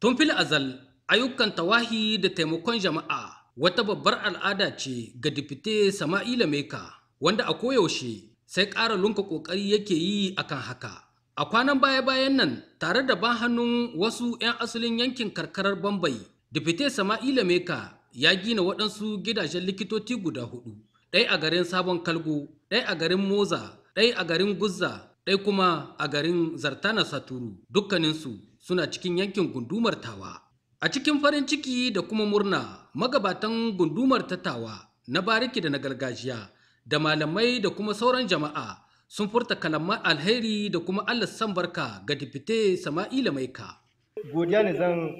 Tun fil azal ayyukan tawahi da taimakon jama'a wata babbar al'ada ce ga dipite Sama'ila Meka wanda a koyaushe sai ƙara lunka ƙoƙari yake yi a kan haka. A kwanan baya-bayan nan tare da ban hannun wasu 'yan asalin yankin karkarar Bambai, dipite Sama'ila Meka ya gina waɗansu gidajen likitoci guda huɗu ɗai a garin Sabon Kalgo, ɗai a garin Moza, ɗai a garin Guzza, ɗai kuma a garin Zartana Saturu, dukkaninsu suna cikin yankin gundumar tawa. A cikin farin ciki da kuma murna magabatan gundumar ta tawa na bariki da na gargajiya da malamai da kuma sauran jama'a sun furta kalaman alheri da kuma Allah san barka ga dipite Sama'ila Maika. Godiya ne zan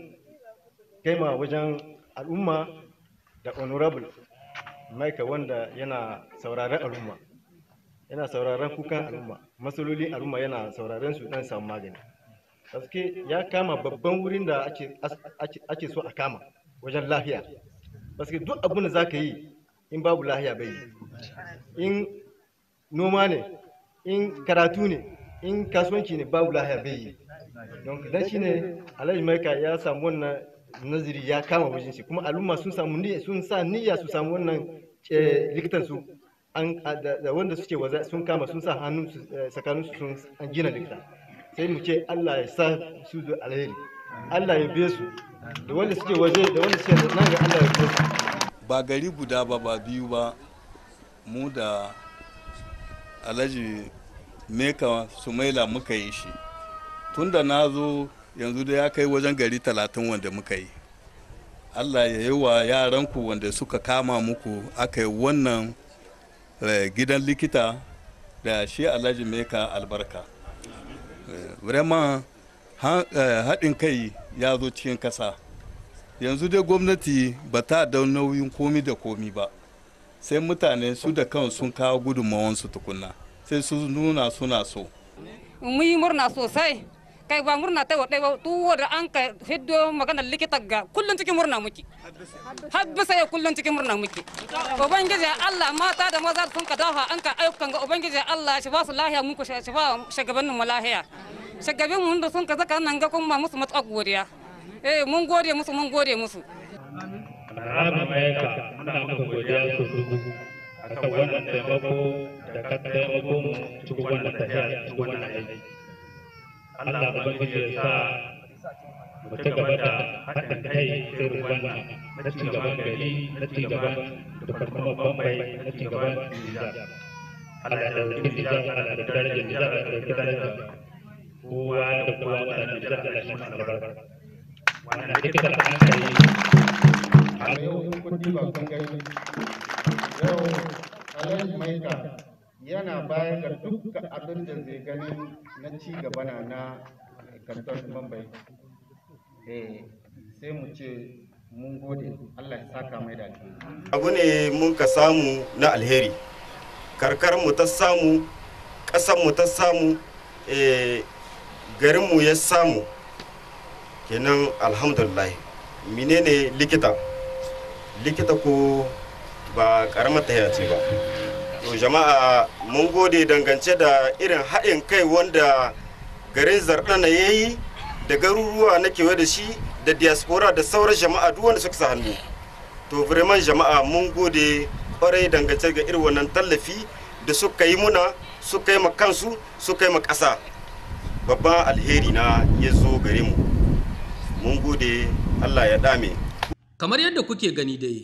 kaima wajen al'umma da honorable Maika wanda yana sauraren al'umma. Yana sauraren kukan al'umma, masaloli al'umma yana sauraren su dan samu magani. Paske ya kama babban wurin da ake so a kama wajen lafiya Paske duk abin da za ka yi in babu lahiya bai yi. In noma ne, in karatu ne, in kasuwanci ne babu lahiya bai yi. Don dan shi ne Alhaji Maika ya samu wannan naziri ya kama wajen shi kuma al'umma sun samu sun sa niyya su samu wannan eh, likitan su an da wanda suke waza sun kama sun sa hannu eh, tsakanin su sun gina likita sai mu ce Allah ya sa su da alheri Allah ya be su da wanda suke waje da wanda suke nan ga Allah ya be su ba gari guda ba ba biyu ba mu da alhaji meka sumaila muka yi shi tun da na zo yanzu da ya kai wajen gari talatin wanda muka yi allah ya yi wa yaranku wanda suka kama muku aka yi wannan eh, gidan likita da shi alhaji meka albarka vraiment eh, haɗin kai ya zo cikin ƙasa yanzu dai gwamnati ba ta da nauyin komi da komi ba sai mutane su da kan sun kawo gudunmawansu tukunna sai su nuna suna so mu yi murna sosai kai ba murna ta wadai ba tu da an ka hiddo magana likita ga kullun cikin murna muke habbisa sai kullun cikin murna muke ubangiji Allah mata da maza sun ka dafa an ka ayyukan ga ubangiji Allah shi ba su lahiya mun ku shi ba shagabannin mu lahiya shagabin mun da sun ka zaka nan ga kuma musu matsa godiya eh mun gode musu mun gode musu Rama mai ka muna maka godiya su dubu akan wannan taimako da ka taimako mu cikin wannan tafiya cikin wannan aiki Allah ubangiji ya sa mu ci gaba da haɗin kai irin wannan na ci gaban gari na ci gaban department bambai na ci gaban nizar. Allah da ɗauki nizar, Allah da darajar nizar, Allah da darajar kowa da kowa da nizar Allah shi albarka wannan duka da an kai a yau kun ba kun gani yau alhaji maika yana bayar da dukkan abin da zai gani na ci gaba na na kanton bambai eh, sai mu ce mun gode allah ya saka mai da abu ne mun ka samu na alheri karkar mu ta samu ƙasar mu ta samu eh, garin mu ya samu kenan alhamdulillah menene likita likita ko ba karamar ta ce ba to jama'a mun gode dangance da irin haɗin kai wanda garin zarɗana ya yi da garuruwa na kewa da shi da diaspora da sauran jama'a duk wanda suka sa hannu to vraiment jama'a mun gode kwarai dangance ga irin wannan tallafi da suka yi muna suka yi ma kansu suka yi ma ƙasa babban alheri na ya zo gare mu mun gode allah ya dame kamar yadda kuke gani dai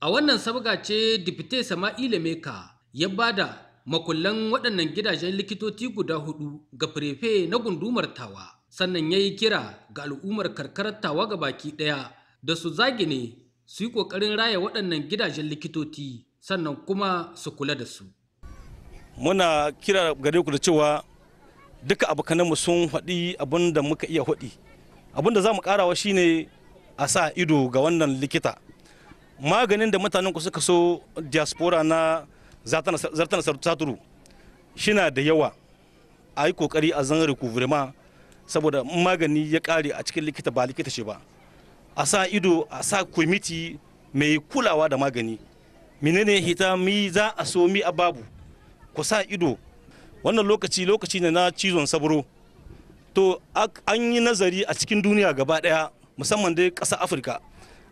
a wannan sabga ce dipite sama'ila meka ya ba da makullan waɗannan gidajen likitoci guda hudu ga firefe na gundumar tawa sannan ya yi kira ga al'ummar karkarar tawa ga baki ɗaya da su zage ne su yi ƙoƙarin raya waɗannan gidajen likitoci sannan kuma su kula da su. muna kira gare ku da cewa duka mu sun haɗi abin da muka iya haɗi abin da za mu ƙarawa shine a sa ido ga wannan likita maganin da mutanen ku suka so diaspora na zartan saturu na da yawa a yi kokari a zan rikuvrema saboda magani ya kare a cikin likita ba likita ce ba a sa ido a sa kwamiti mai kulawa da magani menene hita mi za a so mi a babu ku sa ido wannan lokaci lokaci ne na cizon saburo to an yi nazari a cikin duniya gaba daya musamman dai ƙasa afirka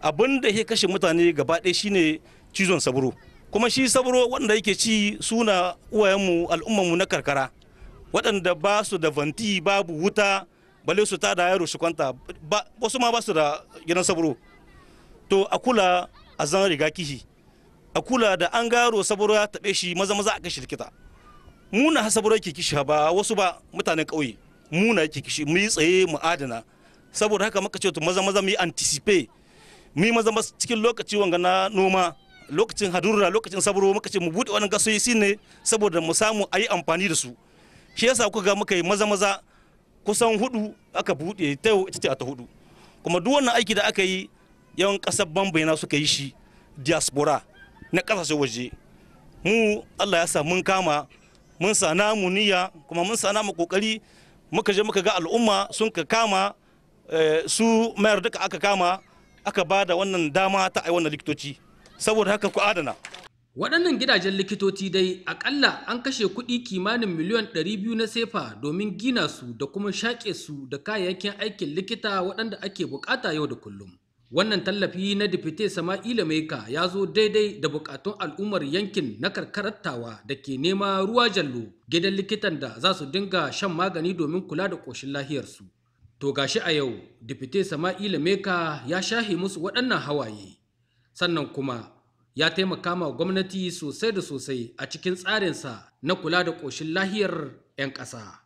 abin da ya kashe mutane gaba daya shine cizon saburo kuma shi sabro wanda yake ci suna uwayenmu al'ummanmu na karkara waɗanda ba su da vanti babu wuta bale su ta da yaro su kwanta wasu ma ba su da gidan sabro to a kula a zan riga kihi a kula da an garo sabro ya taɓe shi maza maza a kashi likita muna ha sabro yake kishi ba wasu ba mutanen ƙauye muna yake kishi mu yi tsaye mu adana saboda haka muka ce to maza maza mu yi antisipe mu yi maza maza cikin lokaci wanga na noma lokacin hadurra lokacin saburo muka ce mu buɗe wani gasoyi ne saboda mu samu a yi amfani da su shi yasa kuka ga muka yi maza maza kusan hudu aka buɗe ta yau ita ce a ta hudu kuma duk wannan aiki da aka yi yawan kasar bambaina suka yi shi diaspora na kasashe waje mu allah ya sa mun kama mun sa namu niyya kuma mun sa namu kokari muka je muka ga al'umma sun ka kama eh, su mayar duka aka kama aka ba da wannan dama ta ai wannan likitoci saboda haka ku adana waɗannan gidajen likitoci dai akalla an kashe kuɗi kimanin miliyan 200 na sefa domin gina su da kuma shaƙe su da kayayyakin aikin likita waɗanda ake buƙata yau da kullum wannan tallafi na dipite sama'ila maika ya zo daidai da buƙatun al'ummar yankin na karkarattawa da ke nema ruwa jallo gidan likitan da za su dinga shan magani domin kula da ƙoshin lahiyarsu to gashi a yau dipite sama'ila maika ya shahe musu waɗannan hawaye sannan kuma ya taimaka ma gwamnati sosai da sosai a cikin tsarinsa na kula da ƙoshin lahiyar 'yan ƙasa.